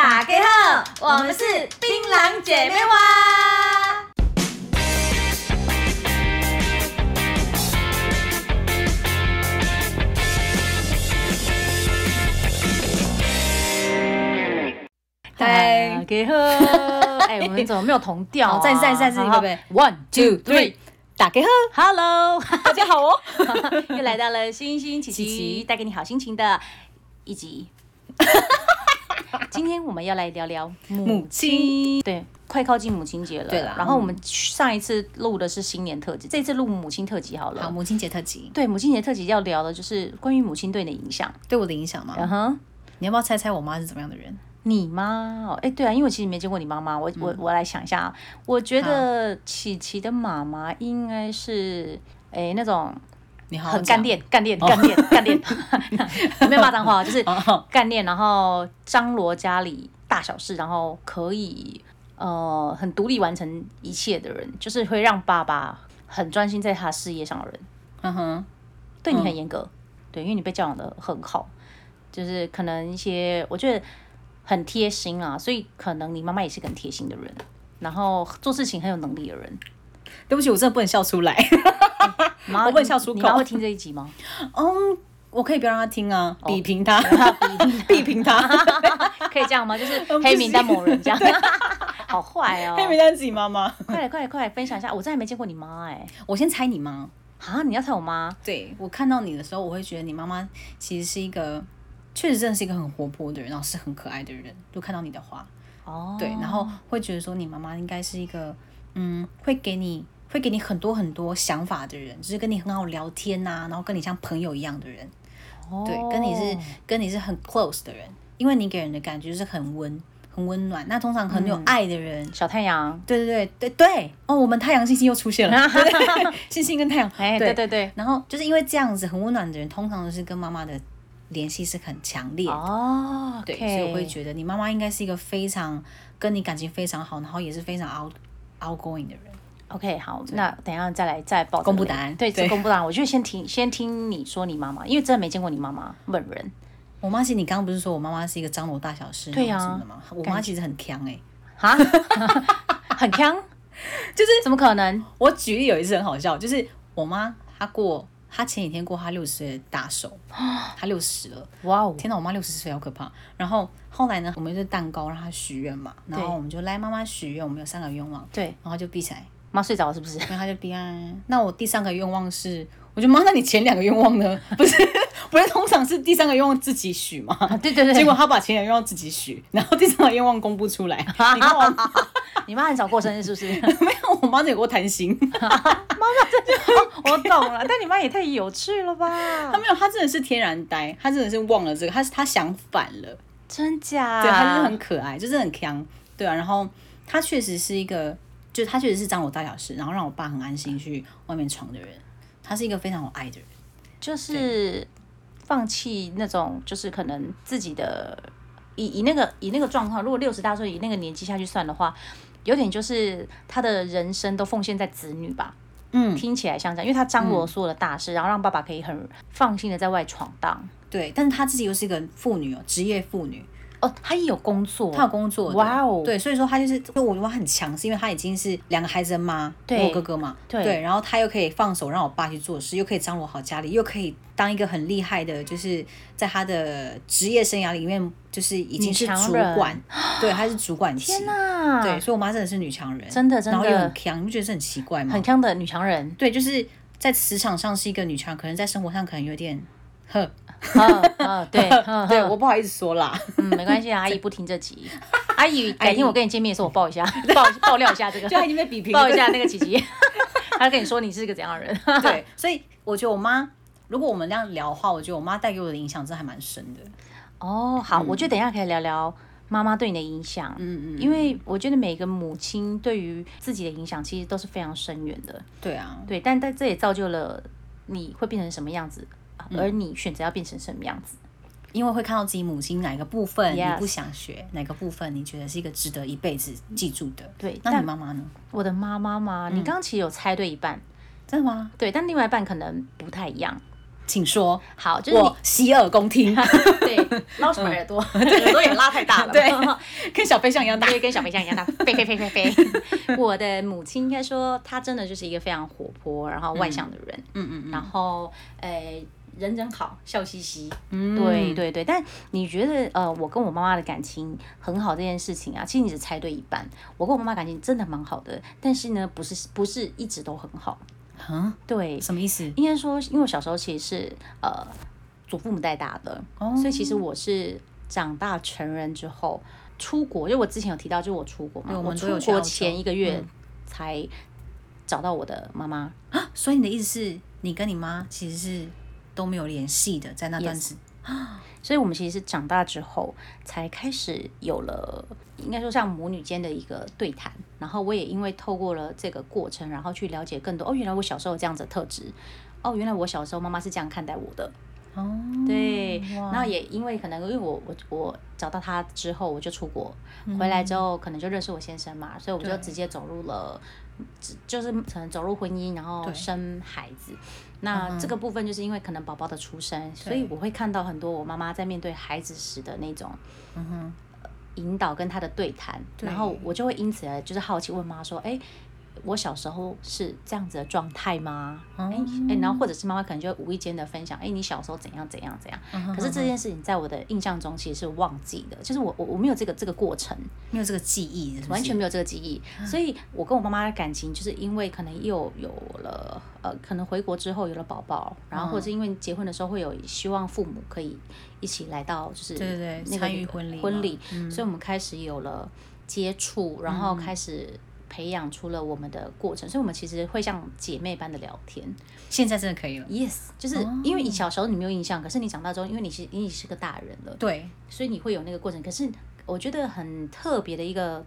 打給呵，我們是檳榔姐妹花。打個呵，哎、 欸，我們怎麼沒有同調？再再再試一個唄。One, two, three，打個呵，Hello，大家好哦， 又來到了星星琪琪帶給你好心情的一集。 今天我們要來聊聊母親，對，快靠近母親節了。對啦，然後我們上一次錄的是新年特輯，這次錄母親特輯好了。好，母親節特輯。對，母親節特輯要聊的就是關於母親對你的影響，對我的影響嗎？嗯哼，你要不要猜猜我媽是怎麼樣的人？你媽？欸，對啊，因為我其實沒見過你媽媽，我我我來想一下，我覺得琪琪的媽媽應該是欸那種。你好好很幹練，幹練，哦、幹練， 幹練， 沒有罵髒話，就是幹練，然後張羅家裡大小事，然後可以呃很獨立完成一切的人，就是會讓爸爸很專心在他事業上的人。嗯哼，對你很嚴格，嗯、對，因為你被教養得很好，就是可能一些我覺得很貼心啊，所以可能你媽媽也是很貼心的人，然後做事情很有能力的人。對不起，我真的不能笑出來 媽。我不能笑出口。你媽會聽這一集嗎？嗯、oh，我可以不要讓她聽啊，批評她，oh, 批評她， 可以這樣嗎？就是黑名單某人這樣， 好壞哦。 黑名單自己媽媽。 快來快來快來分享一下，我真的還沒見過你媽誒，我先猜你媽啊？你要猜我媽？對我看到你的時候，我會覺得你媽媽其實是一個，確實真的是一個很活潑的人，然後是很可愛的人。就看到你的話哦，oh. 對，然後會覺得說你媽媽應該是一個。嗯，會給你會給你很多很多想法的人，就是跟你很好聊天吶、啊，然後跟你像朋友一樣的人，哦、對，跟你是跟你是很 close 的人，因為你給人的感覺就是很溫很溫暖。那通常很有愛的人，嗯、小太陽，對對對，對對對，哦，我們太陽星星又出現了， 對對對對星星跟太陽，哎、欸，對對對。然後就是因為這樣子很溫暖的人，通常都是跟媽媽的聯繫是很強烈哦、okay，對，所以我會覺得你媽媽應該是一個非常跟你感情非常好，然後也是非常 out。outgoing 的人，OK，好，那等一下再來再報公布答案，對，公布答案，我就先聽先聽你說你媽媽，因為真的沒見過你媽媽本人。我媽其實，你剛剛不是說我媽媽是一個張羅大小事對呀、啊、什麼的嗎？我媽其實很強哎、欸，哈 蛤 很強鏘， 就是怎麼可能？我舉例有一次很好笑，就是我媽她過。他前幾天過他六十歲的大壽，他六十了。哇、wow、哦！天吶，我媽六十歲好可怕。然後後來呢，我們就蛋糕讓他許願嘛，然後我們就來媽媽許願，我們有三個願望。對，然後就閉起來，媽睡着了是不是？然後他就閉眼、啊。那我第三個願望是。我就媽，那你前兩個願望呢？不是不是，通常是第三個願望自己許嘛、啊。對對對。結果他把前兩個願望自己許，然後第三個願望公布出來。 你看我完， 你媽很少過生日是不是？ 沒有，我媽也有我談心。 媽媽、 哦、我懂了， 但你媽也太有趣了吧？她沒有，她真的是天然呆，她真的是忘了這個，她是她想反了。真假？對，她真的很可愛，就是很強。對啊，然後她確實是一個，就她確實是掌我大小事，然後讓我爸很安心去外面闖的人。 她是一個非常有愛的人，就是放棄那種，就是可能自己的以以那個以那個狀況，如果六十大歲以那個年紀下去算的話，有點就是她的人生都奉獻在子女吧。嗯，聽起來像這樣，因為她張羅所有的大事、嗯，然後讓爸爸可以很放心的在外闖蕩。對，但是她自己又是一個婦女哦，職業婦女。哦、oh,，她也有工作，她有工作，哇哦、wow，對，所以說她就是，那我我媽很強勢，是因為她已經是兩個孩子的媽，對我哥哥嘛對，對，然後她又可以放手讓我爸去做事，又可以張羅好家裡，又可以當一個很厲害的，就是在她的職業生涯裡面，就是已經是主管，對，她是主管，天哪、啊，對，所以我媽真的是女強人，真的，真的，然後又很強，你不覺得這很奇怪嗎？很強的女強人，對，就是在職場上是一個女強，可能在生活上可能有點，呵。嗯 嗯、uh, uh,，對、uh, uh. 對，我不好意思說啦。 嗯，沒關係、啊、阿姨不聽這集。 阿姨，改天我跟你見面的時候，我爆一下，爆爆料一下這個，就還沒比拼，爆一下那個琪琪， 她跟你說你是個怎樣的人。 對，所以我覺得我媽，如果我們這樣聊的話，我覺得我媽帶給我的影響真的還蠻深的。哦，好、嗯，我覺得等一下可以聊聊媽媽對你的影響。嗯嗯，因為我覺得每個母親對於自己的影響，其實都是非常深遠的。對啊，對，但但這也造就了你會變成什麼樣子。而你選擇要變成什麼樣子、嗯？因為會看到自己母親哪一個部分你不想學，yes, 哪個部分你覺得是一個值得一輩子記住的。對，那你媽媽呢？我的媽媽嘛，你剛剛其實有猜對一半，真的嗎？對，但另外一半可能不太一樣。請說。好，就是我洗耳恭聽。 對，拉什麼耳朵、嗯？耳朵也拉太大了，對， 跟小飛象一樣大， 對，跟小飛象一樣大， 飛飛飛飛,飛 我的母親應該說，她真的就是一個非常活潑，然後外向的人。嗯嗯嗯,嗯。然後，誒、呃。人人好，笑嘻嘻。嗯，對對對。但你覺得，呃，我跟我媽媽的感情很好這件事情啊，其實你只猜對一半。我跟我媽媽感情真的蠻好的，但是呢，不是不是一直都很好。嗯，對，什麼意思？應該說，因為我小時候其實是呃祖父母帶大的。哦，所以其實我是長大成人之後出國，因為我之前有提到，就是我出國嘛，我出國前一個月才找到我的媽媽。嗯，啊，所以你的意思是你跟你媽其實是？都沒有聯繫的，在那段時啊、Yes. 哦，所以我們其實是長大之後才開始有了，應該說像母女間的一個對談。然後我也因為透過了這個過程，然後去了解更多，哦，原來我小時候這樣子的特質，哦，原來我小時候媽媽是這樣看待我的。哦，對，那也因為可能因為我我我找到他之後，我就出國、嗯，回來之後可能就認識我先生嘛，嗯、所以我就直接走入了，就是可能走入婚姻，然後生孩子。那這個部分就是因為可能寶寶的出生、嗯，所以我會看到很多我媽媽在面對孩子時的那種，嗯，引導跟他的對談對，然後我就會因此就是好奇問媽說，誒。我小時候是這樣子的狀態嗎？哎、oh. 誒、欸欸，然後或者是媽媽可能就會無意間的分享，誒、欸，你小時候怎樣怎樣怎樣？Uh -huh. 可是這件事情在我的印象中其實是忘記的。就是我我我沒有這個這個過程，沒有這個記憶是不是，完全沒有這個記憶。所以，我跟我媽媽的感情，就是因為可能又有了呃，可能回國之後有了寶寶，然後或者是因為結婚的時候會有希望父母可以一起來到，就是對對參與婚禮婚禮，所以我們開始有了接觸、嗯，然後開始。培養出了我們的過程，所以我們其實會像姐妹般的聊天。現在真的可以了，yes，oh, 就是因為你小時候你沒有印象，可是你長大之後，因為你其實你已經是個大人了，對，所以你會有那個過程。可是我覺得很特別的一個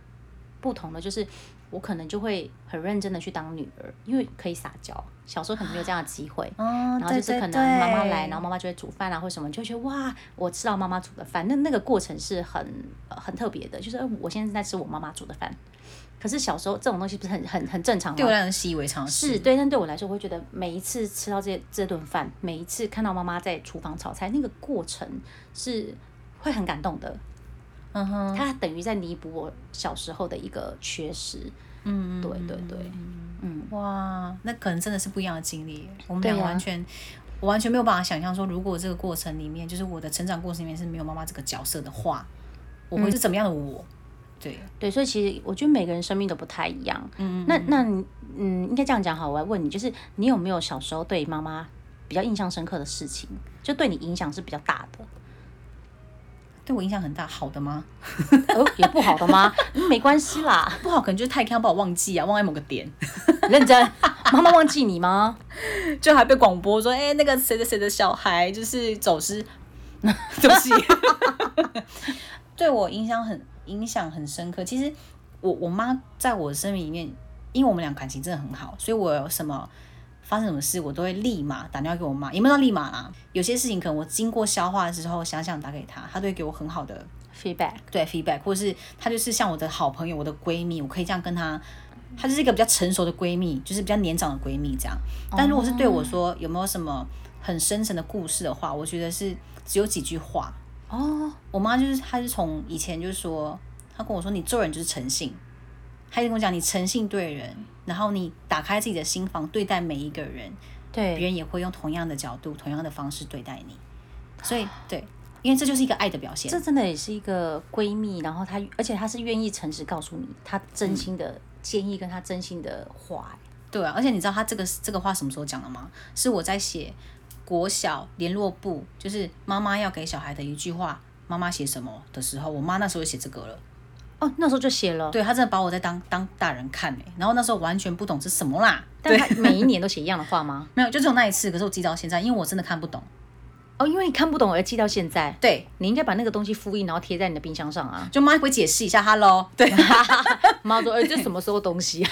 不同的就是，我可能就會很認真的去當女兒，因為可以撒嬌，小時候可能沒有這樣的機會。Oh, 然後就是可能媽媽來，對對對，然後媽媽就會煮飯啊或什麼，就會覺得哇，我吃到媽媽煮的飯。那那個過程是很很特別的，就是我現在在吃我媽媽煮的飯。可是小時候這種東西不是很很很正常嗎？對，會讓人習以為常是，對。但對我來說，我會覺得每一次吃到這這頓飯，每一次看到媽媽在廚房炒菜，那個過程是會很感動的。嗯哼，它等於在彌補我小時候的一個缺失。嗯，對對對。嗯，哇，那可能真的是不一樣的經歷，對啊。我們倆完全，我完全沒有辦法想象說，如果這個過程裡面，就是我的成長過程裡面是沒有媽媽這個角色的話，嗯，我會是怎麼樣的我。對對，所以其實我覺得每個人生命都不太一樣。嗯，那那你嗯，應該這樣講好。我要問你，就是你有沒有小時候對媽媽比較印象深刻的事情，就對你影響是比較大的？對我影響很大，好的嗎？哦，也不好的嗎？ 嗯、沒關係啦，不好可能就是太開心把我忘記啊，忘在某個點。 認真，媽媽忘記你嗎？就還被廣播說，哎、欸，那個誰的誰的小孩就是走失，走 失不起。 對我影響很。印象很深刻。其實我我媽在我生命裡面，因為我們倆感情真的很好，所以我有什麼發生什麼事，我都會立馬打電話給我媽。也沒說立馬啦、啊，有些事情可能我經過消化的時候，想想打給她，她都會給我很好的 feedback，對 feedback，或者是她就是像我的好朋友、我的閨蜜，我可以這樣跟她。她就是一個比較成熟的閨蜜，就是比較年長的閨蜜這樣。但如果是對我說、uh -huh. 有沒有什麼很深層的故事的話，我覺得是只有幾句話。哦、oh，我媽就是，她是從以前就說，她跟我說你做人就是誠信，她就跟我講你誠信對人，然後你打開自己的心房對待每一個人，對，別人也會用同樣的角度、同樣的方式對待你，所以對，因為這就是一個愛的表現。這真的也是一個閨蜜，然後她，而且她是願意誠實告訴你她真心的建議跟她真心的話。嗯、對啊，而且你知道她這個這個話什麼時候講的嗎？是我在寫。國小聯絡簿，就是媽媽要給小孩的一句話，媽媽寫什麼的時候，我媽那時候就寫這個了。哦，那時候就寫了。對，她真的把我在當當大人看哎、欸，然後那時候完全不懂是什麼啦。但她每一年都寫一樣的話嗎？沒有，就只有那一次。可是我記到現在，因為我真的看不懂。哦，因為你看不懂而記到現在？對。你應該把那個東西複印，然後貼在你的冰箱上啊。就媽會解釋一下。哈嘍，對。媽 說：“哎、欸，這什麼時候東西？”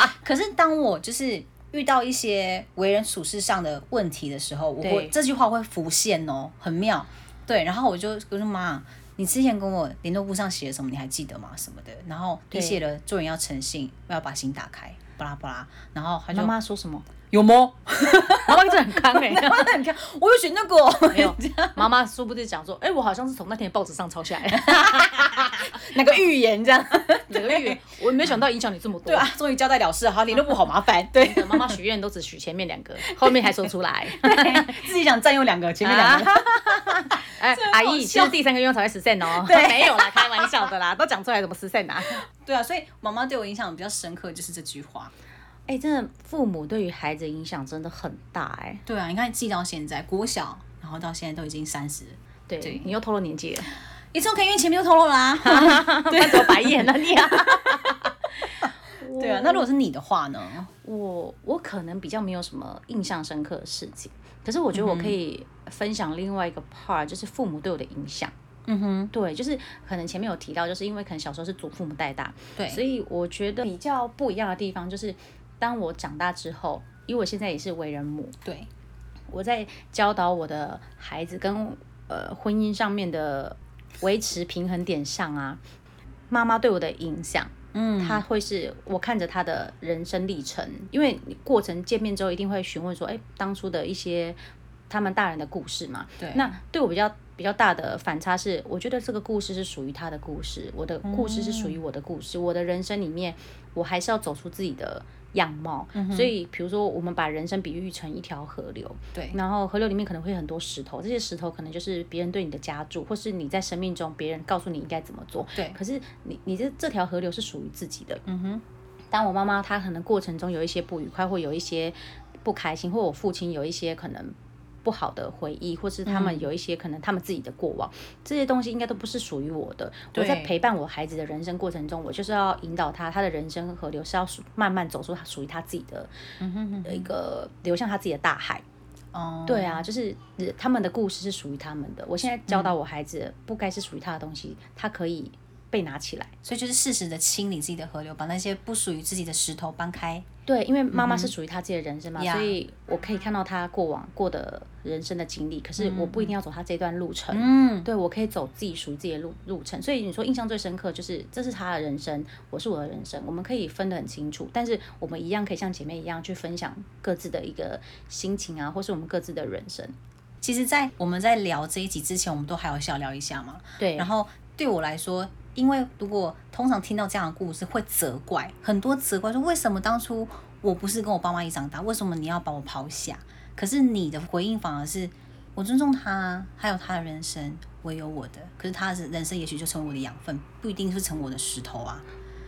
可是當我就是。遇到一些為人處事上的問題的時候，我會這句話會浮現哦、喔，很妙，對。然後我就跟我說：“媽，你之前跟我聯絡簿上寫的什麼你還記得嗎？什麼的？”然後你寫的“做人要誠信，我要把心打開”，巴拉巴拉。然後還就媽說什麼？有嗎？媽媽一直很坑哎、欸！媽媽很看我有寫那個、喔，媽媽說不定講說：“哎、欸，我好像是從那天的報紙上抄下來。 ”那個預言，這樣，那個預言，我沒想到影響你這麼多。啊對啊，終於交代了事了，好，聯絡簿好麻煩。對，媽媽許願都只許前面兩個， 後面還說出來， 自己想佔用兩個，前面兩個。哎、啊 啊，阿姨，其實第三個願望才會實現哦。對， 沒有啦，開玩笑的啦， 都講出來怎麼實現啊？對啊，所以媽媽對我印象比較深刻，就是這句話。哎、欸，真的，父母對於孩子影響真的很大哎、欸。對啊，你看記到現在，國小，然後到現在都已經三十，對，你又透露年紀了。你總可因為前面又透露啦，翻白眼了你啊！ 我 對啊，那如果是你的話呢？我我可能比較沒有什麼印象深刻的事情，可是我覺得我可以分享另外一個 part，嗯、就是父母對我的影響。嗯哼，對，就是可能前面有提到，就是因為可能小時候是祖父母帶大，對，所以我覺得比較不一樣的地方就是，當我長大之後，因為我現在也是為人母，對我在教導我的孩子跟呃婚姻上面的。維持平衡點上啊，媽媽對我的影響，嗯，她會是我看着她的人生歷程，因為過程見面之後一定會詢問說，哎、欸，當初的一些他們大人的故事嘛，對，那對我比較比較大的反差是，我覺得這個故事是屬於她的故事，我的故事是屬於我的故事，嗯，我的人生裡面，我還是要走出自己的樣貌，所以比如說，我們把人生比喻成一條河流，對，然後河流裡面可能會很多石頭，這些石頭可能就是別人對你的加諸，或是你在生命中別人告訴你應該怎麼做，對。可是你，你這這條河流是屬於自己的，嗯哼。當我媽媽她可能過程中有一些不愉快，或有一些不開心，或我父親有一些可能。不好的回憶，或是他們有一些可能他們自己的過往，嗯、這些東西應該都不是屬於我的。我在陪伴我孩子的人生過程中，我就是要引導他，他的人生河流是要慢慢走出他屬於他自己的，的、嗯、一個流向他自己的大海。哦、嗯，對啊，就是他們的故事是屬於他們的。我現在教導我孩子、嗯，不該是屬於他的東西，他可以被拿起來。所以，所以就是適時的清理自己的河流，把那些不屬於自己的石頭搬開。對，因為媽媽是屬於她自己的人生嘛，mm -hmm. yeah. 所以我可以看到她過往過的人生的經歷，可是我不一定要走她這段路程。嗯、mm -hmm.，對，我可以走自己屬於自己的路路程。所以你說印象最深刻，就是這是她的人生，我是我的人生，我們可以分得很清楚。但是我們一樣可以像姐妹一樣去分享各自的一個心情啊，或是我們各自的人生。其實，在我們在聊這一集之前，我們都還要小聊一下嘛。對，然後。對我來說，因為如果通常聽到這樣的故事，會責怪很多責怪，說為什麼當初我不是跟我爸媽一起長大？為什麼你要把我拋下？可是你的回應反而是我尊重他，還有他的人生，我有我的。可是他的人生，也許就成為我的養分，不一定是成我的石頭啊。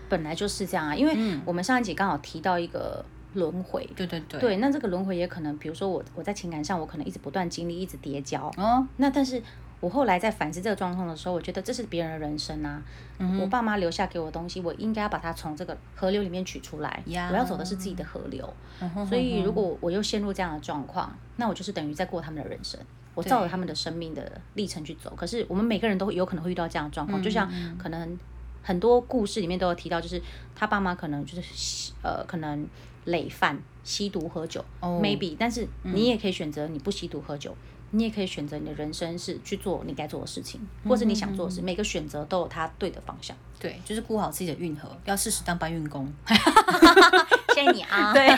本來就是這樣啊，因為我們上一集剛好提到一個輪回，嗯、對對對，對。那這個輪回也可能，比如說我我在情感上，我可能一直不斷經歷，一直跌跤哦，那但是。我後來在反思這個狀況的時候，我覺得這是別人的人生啊、嗯。我爸媽留下給我的東西，我應該要把它從這個河流裡面取出來。Yeah. 我要走的是自己的河流，嗯哼哼哼。所以如果我又陷入這樣的狀況，那我就是等於在過他們的人生，我照着他們的生命的歷程去走。可是我們每個人都會有可能會遇到這樣的狀況，嗯哼哼，就像可能很多故事裡面都有提到，就是他爸媽可能就是呃可能累犯吸毒喝酒，maybe，Oh. 但是你也可以選擇你不吸毒喝酒。你也可以選擇你的人生是去做你該做的事情，嗯嗯嗯，或者你想做的事。每個選擇都有它對的方向。對，就是顧好自己的運河，要適時當搬運工。謝謝 你啊，對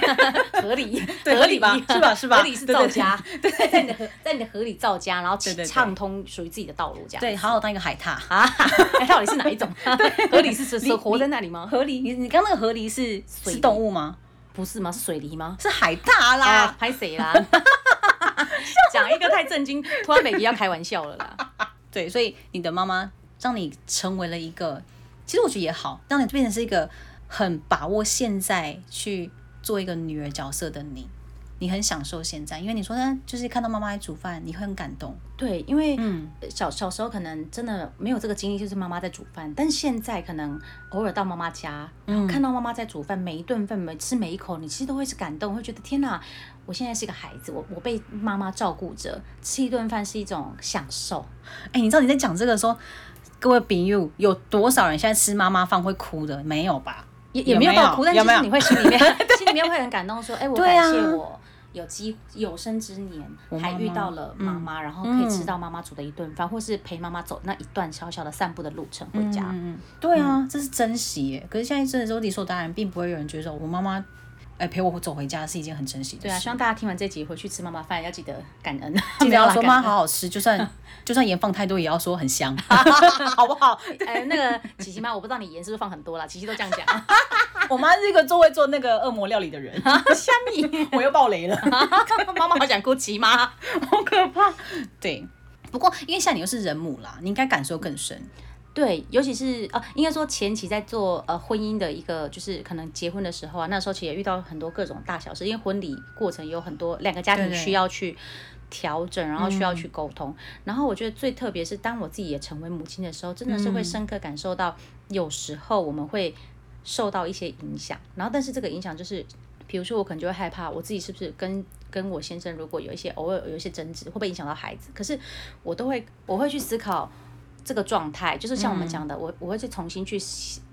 河狸。對河狸吧？是吧是吧？河狸是造家。對，對，對，對，在你的河，在你的河裡造家，然後暢通屬於自己的道路。這樣對，好好當一個海獺、啊。到底是哪一種？河狸是是活在那裡嗎？河狸，你你剛那個河狸是水是動物嗎？不是嗎？是水狸嗎？是海獺啦，啊、拍水啦。 講一個太震驚，突然沒必要開玩笑了啦。 對，所以你的媽媽讓你成為了一個，其實我覺得也好，讓你變成是一個很把握現在去做一個女兒角色的你。你很享受現在，因為你說呢，就是看到媽媽在煮飯，你會很感動。對，因為小、嗯、小時候可能真的沒有這個經歷，就是媽媽在煮飯。但現在可能偶爾到媽媽家、嗯，看到媽媽在煮飯，每一頓飯每吃每一口，你其實都會是感動，會覺得天哪、啊，我現在是一個孩子，我我被媽媽照顧着，吃一頓飯是一種享受。哎、欸，你知道你在講這個的時候，各位檳友，有多少人現在吃媽媽飯會哭的？沒有吧？也也沒有哭，但有沒有，有，沒有其實你會心裡面有有 心裡面會很感動說，說、欸、哎，我感謝我。有機有生之年媽媽還遇到了媽媽、嗯，然後可以吃到媽媽煮的一頓飯，嗯、或是陪媽媽走那一段小小的散步的路程回家。嗯嗯、對啊、嗯，這是珍惜耶。可是現在真的是理所當然，並不會有人覺得我媽媽。欸、陪我走回家是一件很珍惜的事。對啊，希望大家聽完這集回去吃媽媽飯，要記得感恩，記得要說媽 好好吃，就算 就算鹽放太多，也要說很香， 好不好？哎、欸，那個琪琪媽，我不知道你鹽是不是放很多啦，琪琪都這樣講。 我媽是一個都會做那個惡魔料理的人，像 你什麼， 我又爆雷了。媽 媽 好想哭嗎，琪 媽好可怕。對，不過因為像你又是人母啦，你應該感受更深。對，尤其是哦、啊，應該說前期在做呃婚姻的一個，就是可能結婚的時候啊，那時候其實也遇到很多各種大小事，因為婚禮過程有很多兩個家庭需要去調整，對對對，然後需要去溝通、嗯。然後我覺得最特別是當我自己也成為母親的時候，真的是會深刻感受到，有時候我們會受到一些影響、嗯。然後但是這個影響就是，比如說我可能就會害怕，我自己是不是跟跟我先生如果有一些偶爾有一些爭執，會不會影響到孩子？可是我都會我會去思考。這個狀態就是像我們講的，嗯、我我會去重新去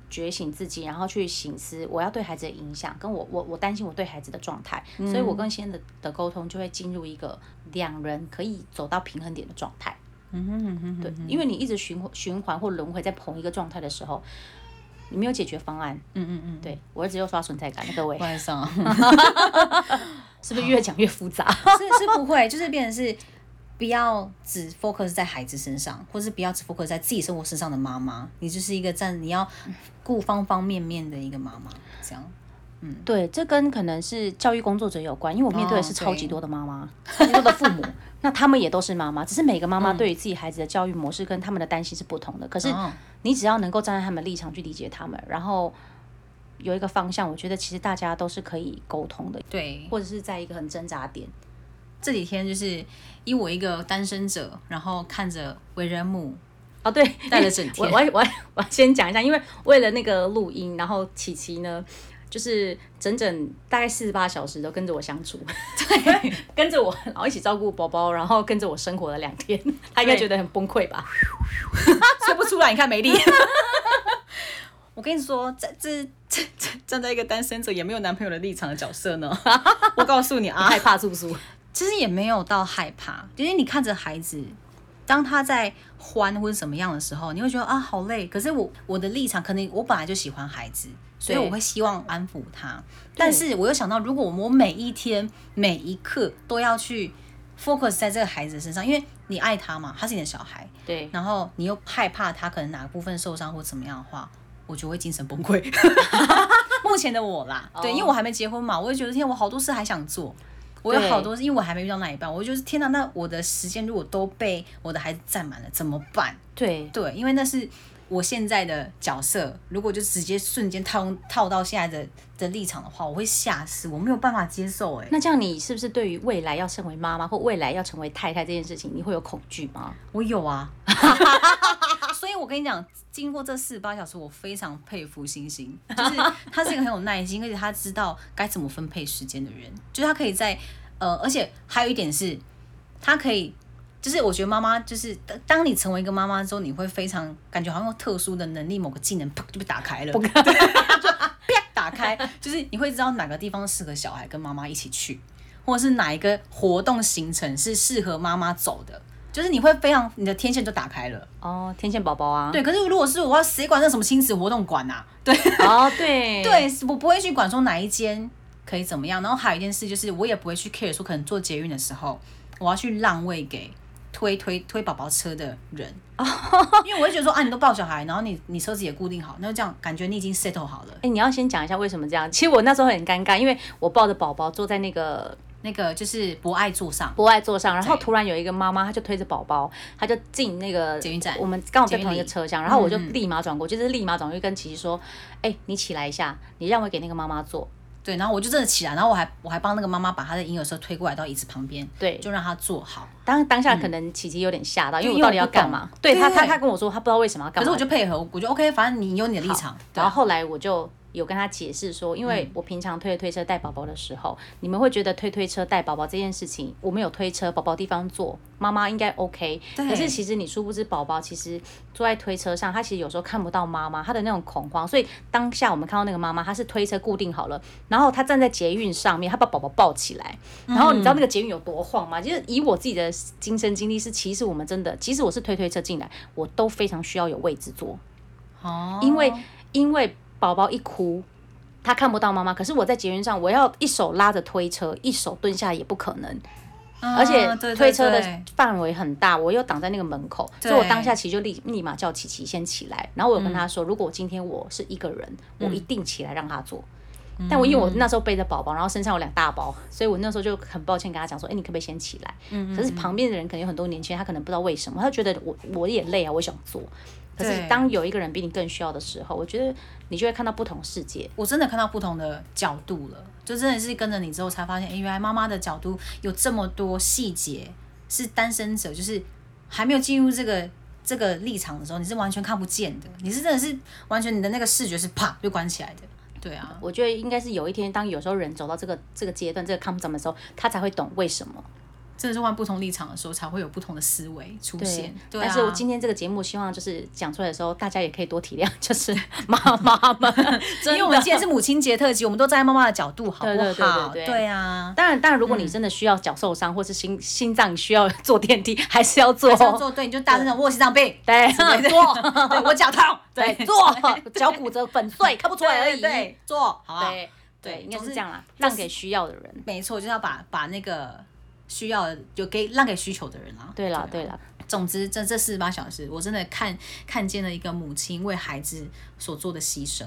覺醒自己，然後去省思，我要對孩子的影響，跟我我我擔心我對孩子的狀態，嗯、所以我跟現在的的溝通就會進入一個兩人可以走到平衡點的狀態。嗯嗯，嗯，嗯對，因為你一直循環循環或輪迴在同一個狀態的時候，你沒有解決方案。嗯嗯嗯，對我只有刷存在感，各位。外、啊、 是不是越講越複雜？ 是是不會，就是變成是。不要只 focus 在孩子身上，或者是不要只 focus 在自己生活身上的媽媽，你就是一個站你要顧方方面面的一個媽媽。這樣，嗯，對，這跟可能是教育工作者有關，因為我面對的是超級多的媽媽，Oh, okay. 超級多的父母， 那他們也都是媽媽，只是每個媽媽對於自己孩子的教育模式跟他們的擔心是不同的。可是你只要能夠站在他們的立場去理解他們，然後有一個方向，我覺得其實大家都是可以溝通的。對，或者是在一個很掙扎點。這幾天就是以我一個單身者，然後看着為人母，哦、啊、對，帶了整天。我我我，我，我先講一下，因為為了那個錄音，然後琪琪呢，就是整整大概四十八小時都跟着我相處，對， 跟着我，然後一起照顧寶寶，然後跟着我生活了兩天。他應該覺得很崩潰吧？笑睡不出來，你看沒力。我跟你說，這這這站在一個單身者也沒有男朋友的立場的角色呢，我告訴你啊，害怕住宿。其實也沒有到害怕，就是你看着孩子，當他在歡或者怎麼樣的時候，你會覺得啊好累。可是我我的立場，可能我本來就喜歡孩子，所以我會希望安撫他。但是我又想到，如果我每一天每一刻都要去 focus 在這個孩子的身上，因為你愛他嘛，他是你的小孩。對。然後你又害怕他可能哪個部分受傷或怎麼樣的話，我就會精神崩潰。 目前的我啦，oh. 對，因為我還沒結婚嘛，我就覺得今天，我好多事還想做。我有好多，因為我還沒遇到那一半。我就是天哪、啊，那我的時間如果都被我的孩子占滿了，怎麼辦？對對，因為那是。我現在的角色，如果就直接瞬間套套到現在的的立場的話，我會嚇死，我沒有辦法接受、欸。誒。那這樣你是不是對於未來要成為媽媽或未來要成為太太這件事情，你會有恐懼嗎？我有啊， 所以我跟你講，經過這四十八小時，我非常佩服星星，就是他是一個很有耐心，而且他知道該怎麼分配時間的人，就是他可以在呃，而且還有一點是，他可以。就是我覺得媽媽就是，當你成為一個媽媽之後，你會非常感覺好像有特殊的能力，某個技能砰就被打開了，砰打開，就是你會知道哪個地方適合小孩跟媽媽一起去，或者是哪一個活動行程是適合媽媽走的，就是你會非常你的天線就打開了哦，天線寶寶啊，對。可是如果是我要誰管那什麼親子活動館吶、啊？對，哦對對，我不會去管說哪一間可以怎麼樣。然後還有一件事就是，我也不會去 care 說可能坐捷運的時候我要去讓位給。推推推寶寶車的人，因為我會覺得說啊，你都抱小孩，然後你你車子也固定好，那就這樣感覺你已經 settle 好了。哎，你要先講一下為什麼這樣？其實我那時候很尷尬，因為我抱着寶寶坐在那個那個就是博愛座上，博愛座上，然後突然有一個媽媽，她就推着寶寶，她就進那個我們剛好在同一個車廂，然後我就立馬轉過，就是立馬轉過去跟琪琪說，哎，你起來一下，你讓我給那個媽媽坐。對，然後我就真的起來，然後我還我還幫那個媽媽把她的嬰兒車推過來到椅子旁邊，對，就讓她坐好。當當下可能琪琪有點嚇到，嗯，因為我到底要幹嘛？對，對，對她，她，她跟我說她不知道為什麼要幹嘛，可是我就配合，我就 OK，反正你有你的立場。然後後來我就。有跟他解釋說，因為我平常推推車帶寶寶的時候、嗯，你們會覺得推推車帶寶寶這件事情，我們有推車、寶寶地方坐，媽媽應該 OK。對。可是其實你殊不知，寶寶其實坐在推車上，他其實有時候看不到媽媽，他的那種恐慌。所以當下我們看到那個媽媽，她是推車固定好了，然後她站在捷運上面，她把寶寶抱起來，然後你知道那個捷運有多晃嗎？就、嗯、是以我自己的親身經歷是，其實我們真的，即使我是推推車進來，我都非常需要有位置坐。哦。因為，因為。寶寶一哭，他看不到媽媽。可是我在捷運上，我要一手拉着推車，一手蹲下也不可能。啊、而且推車的範圍很大，啊對對對，我又擋在那個門口，所以我當下其實就立立馬叫琪琪先起來。然後我有跟他說、嗯，如果今天我是一個人，我一定起來讓他坐。嗯。嗯但我因為我那時候背着寶寶，然後身上有兩大包，所以我那時候就很抱歉跟他講說，哎、欸，你可不可以先起來？可是旁邊的人可能有很多年輕人，他可能不知道為什麼，他覺得我我也累啊，我想坐。可是當有一個人比你更需要的時候，我覺得你就會看到不同世界。我真的看到不同的角度了，就真的是跟着你之後才發現，哎呀，原來媽媽的角度有這麼多細節，是單身者就是還沒有進入這個這個立場的時候，你是完全看不見的，你是真的是完全你的那個視覺是啪就關起來的。對啊，我覺得應該是有一天，當有時候人走到這個這個階段、這個 come up 的時候，他才會懂為什麼。真的是換不同立場的時候，才會有不同的思維出現。對。對、啊，但是我今天這個節目，希望就是講出來的時候，大家也可以多體諒，就是媽媽們。因為我們今天是母親節特輯，我們都站在媽媽的角度，好不好？對對、對、對，對啊！當然，當然，如果你真的需要腳受傷，或是心、嗯、心臟需要坐電梯，還是要坐還是要坐。對，你就大聲的臥心臟病對。 對對。對，坐。對我腳痛，對，坐。腳骨折粉碎對對對，看不出來而已。對、對、對，坐，好啊。對，應該是這樣啦。讓、就是、給需要的人。就是、沒錯，就要把把那個。需要就給讓給需求的人、啊、啦。對啦，對啦。總之這，這這四十八小時，我真的看看見了一個母親為孩子所做的犧牲。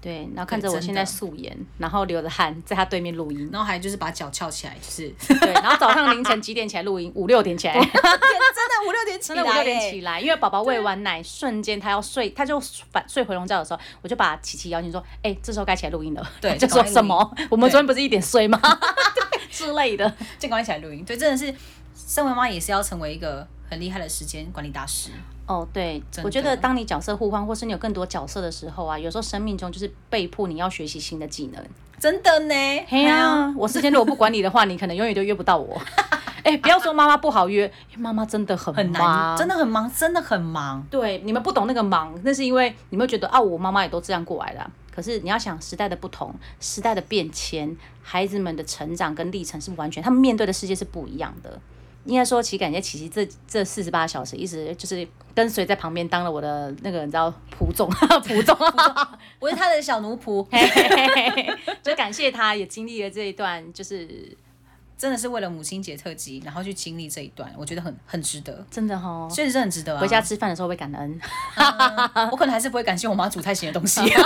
對，然後看着我現在素顏，然後流着汗，在他對面錄音，然後還就是把腳翹起來，就是對，然後早上凌晨幾點起來錄音？ 五,六五,五六點起來？真的五六點起來？五六點起來？欸、因為寶寶餵完奶瞬間，他要睡，他就反睡回籠覺的時候，我就把琪琪邀請說：“哎、欸，這時候該起來錄音了。”對，就說什麼？我們昨天不是一點睡嗎？對。 對之類的，儘管一起來錄音，對，真的是，身為媽媽也是要成為一個很厲害的時間管理大師哦。對真的，我覺得當你角色互換，或是你有更多角色的時候啊，有時候生命中就是被迫你要學習新的技能。真的呢，嘿呀、啊啊，我時間如果不管理的話，的你可能永遠都約不到我。哎、 欸，不要說媽媽不好約，媽、欸、媽真的很忙很，真的很忙，真的很忙。對，你們不懂那個忙，那是因為你們覺得啊，我媽媽也都這樣過來的、啊。可是你要想時代的不同，時代的變遷，孩子們的成長跟歷程是完全，他們面對的世界是不一樣的。應該說，其實感謝，其實這這四十八小時一直就是跟隨在旁邊，當了我的那個你知道蒲總蒲總，我 是他的小奴僕 hey, hey, hey, hey, 就感謝他也經歷了這一段，就是真的是為了母親節特輯，然後去經歷這一段，我覺得很很值得，真的哈、哦，確實是很值得啊。回家吃飯的時候會感恩、 嗯，我可能還是不會感謝我媽煮太鹹的東西。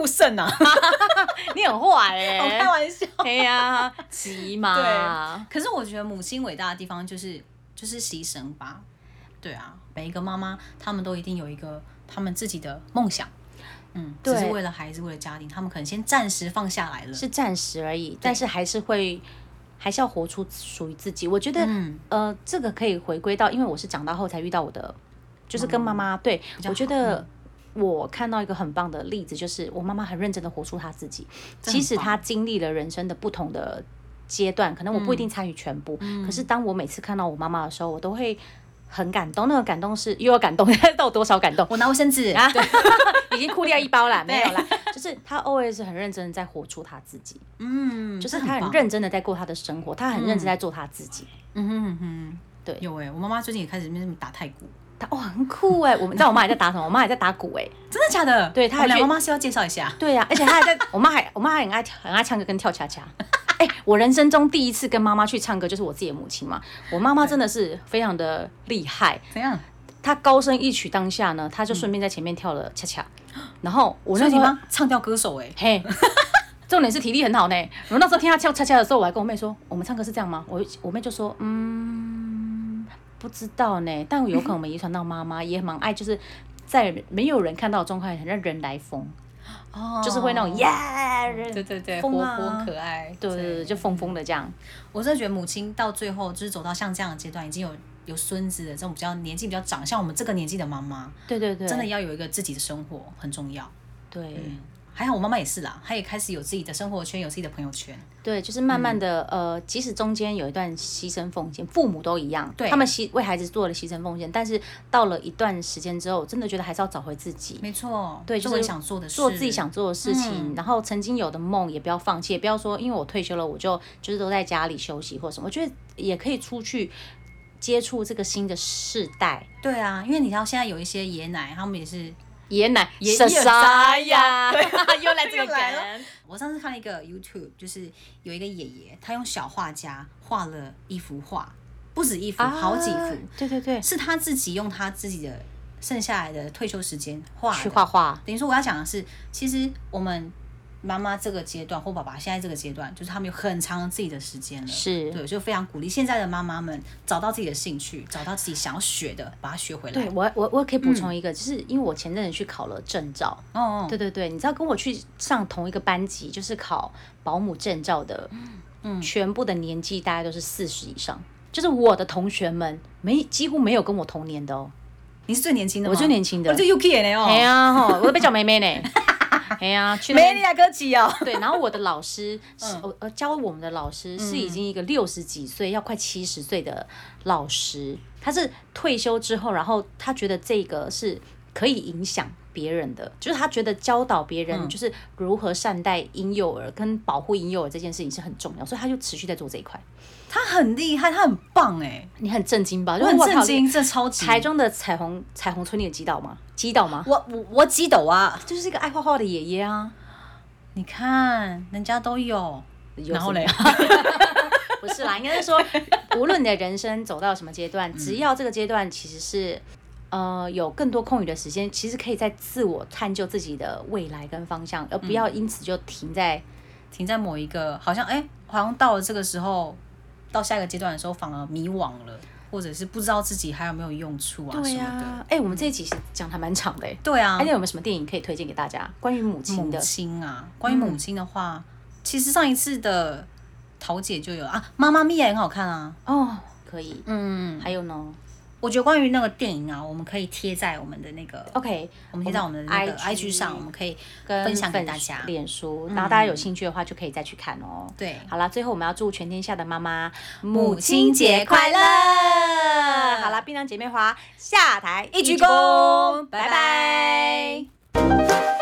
護啊！你很壞哎，開玩笑。哎呀，急嘛？對。可是我覺得母親偉大的地方就是就是犧牲吧。對啊，每一個媽媽，他們都一定有一個他們自己的夢想。嗯，就只是為了孩子，為了家庭，他們可能先暫時放下來了，是暫時而已。但是還是會還是要活出屬於自己。我覺得、嗯，呃，這個可以回歸到，因為我是長大後才遇到我的，就是跟媽媽、嗯。對，我覺得。嗯我看到一個很棒的例子，就是我媽媽很認真的活出她自己。其實她經歷了人生的不同的階段，可能我不一定參與全部、嗯嗯。可是當我每次看到我媽媽的時候，我都會很感動。那種、個、感動是又要感動，到多少感動？我拿衛生紙啊， 已經哭掉一包了，沒有了。就是她 always 很認真的在活出她自己。嗯，就是她很認真的在過她的生活，她很認真在做她自己。嗯哼哼、嗯嗯嗯嗯，對。有哎、欸，我媽媽最近也開始沒那麼打太鼓。哦，很酷哎！我你知道我媽也在打什麼？我媽也在打鼓哎，真的假的？對，她還覺得我們兩個媽媽是要介紹一下。對呀、啊，而且她還在， 我媽還我媽還很愛跳，很愛唱歌跟跳恰恰。哎、 欸，我人生中第一次跟媽媽去唱歌，就是我自己的母親嘛。我媽媽真的是非常的厲害。怎樣？她高聲一曲當下呢，她就順便在前面跳了恰恰。嗯、然後我那地方說唱跳歌手哎、欸、嘿，重點是體力很好呢。我 那時候聽她跳恰恰的時候，我還跟我妹說，我們唱歌是這樣嗎？我我妹就說嗯。不知道呢，但有可能我們遺傳到媽媽，也蠻愛，就是在沒有人看到狀狀態，讓人來瘋，哦、oh，就是會那種 yeah, 人活活，對對對，活潑可愛，對，對，對，就瘋瘋的這樣對對對。我真的覺得母親到最後就是走到像這樣的階段，已經有有孫子的這種比較年紀比較長，像我們這個年紀的媽媽，對對對，真的要有一個自己的生活很重要，對，對，對。嗯還有我媽媽也是啦，她也開始有自己的生活圈，有自己的朋友圈。對，就是慢慢的，嗯、呃，即使中間有一段犧牲奉獻，父母都一樣，對他們犧為孩子做了犧牲奉獻，但是到了一段時間之後，真的覺得還是要找回自己。沒錯，對，就是想做的做自己想做的事情，嗯、然後曾經有的夢也不要放棄，也不要說因為我退休了，我就就是都在家裡休息或什麼，我覺得也可以出去接觸這個新的世代。對啊，因為你知道現在有一些爺奶，他們也是。爺奶爺爺啥呀？對，又來這個又來了。我上次看了一個 YouTube，就是有一個爺爺，他用小畫家畫了一幅畫，不止一幅，啊、好幾幅。對對對，是他自己用他自己的剩下來的退休時間畫的，去畫畫，等於說我要講的是，其實我們。媽媽這個階段，或爸爸現在這個階段，就是他們有很長自己的時間了。是，對，就非常鼓勵現在的媽媽們找到自己的興趣，找到自己想要學的，把它學回來。對我，我我可以補充一個、嗯，就是因為我前陣子去考了證照。哦，哦。對對對，你知道跟我去上同一個班級，就是考保姆證照的、嗯，全部的年紀大概都是四十以上，就是我的同學們沒幾乎沒有跟我同年的哦。你是最年輕的嗎？我最年輕的。我就 u K 眼了哦。哎呀、啊、我都被叫妹妹呢。 哎呀，沒你還可以哦。對，然後我的老師是，呃，教我們的老師是已經一個六十幾歲，要快七十歲的老師。他是退休之後，然後他覺得這個是可以影響別人的，就是他覺得教導別人就是如何善待嬰幼兒跟保護嬰幼兒這件事情是很重要，所以他就持續在做這一塊。他很厲害，他很棒哎、欸！你很震驚吧？很震驚，這超級台中的彩虹彩虹村，你有擊倒嗎？擊倒嗎？我我我擊倒啊！就是一個愛畫畫的爺爺啊！你看人家都有，有然後嘞、啊？ 不是啦，應該是說，無論你的人生走到什麼階段， 只要這個階段其實是呃有更多空餘的時間，其實可以在自我探究自己的未來跟方向，而不要因此就停在、嗯、停在某一個，好像哎、欸，好像到了這個時候。到下一個階段的時候，反而迷惘了，或者是不知道自己還有沒有用處啊，啊什麼的。哎、欸，我們這一集講的還蠻長的、欸。對啊，還有沒有什麼電影可以推薦給大家？關於母親的。母親啊，關於母親的話、嗯，其實上一次的桃姐就有啊，《媽媽咪》也很好看啊。哦、oh，可以。嗯。還有呢？我覺得關於那個電影啊，我們可以貼在我們的那個，OK，我們貼在我們的那個 IG 上，我們可以分享給大家，臉書，然後大家有興趣的話就可以再去看哦。嗯、對，好啦，最後我們要祝全天下的媽媽母親節快樂！好啦，檳榔姐妹花下台一鞠躬，拜拜。拜拜。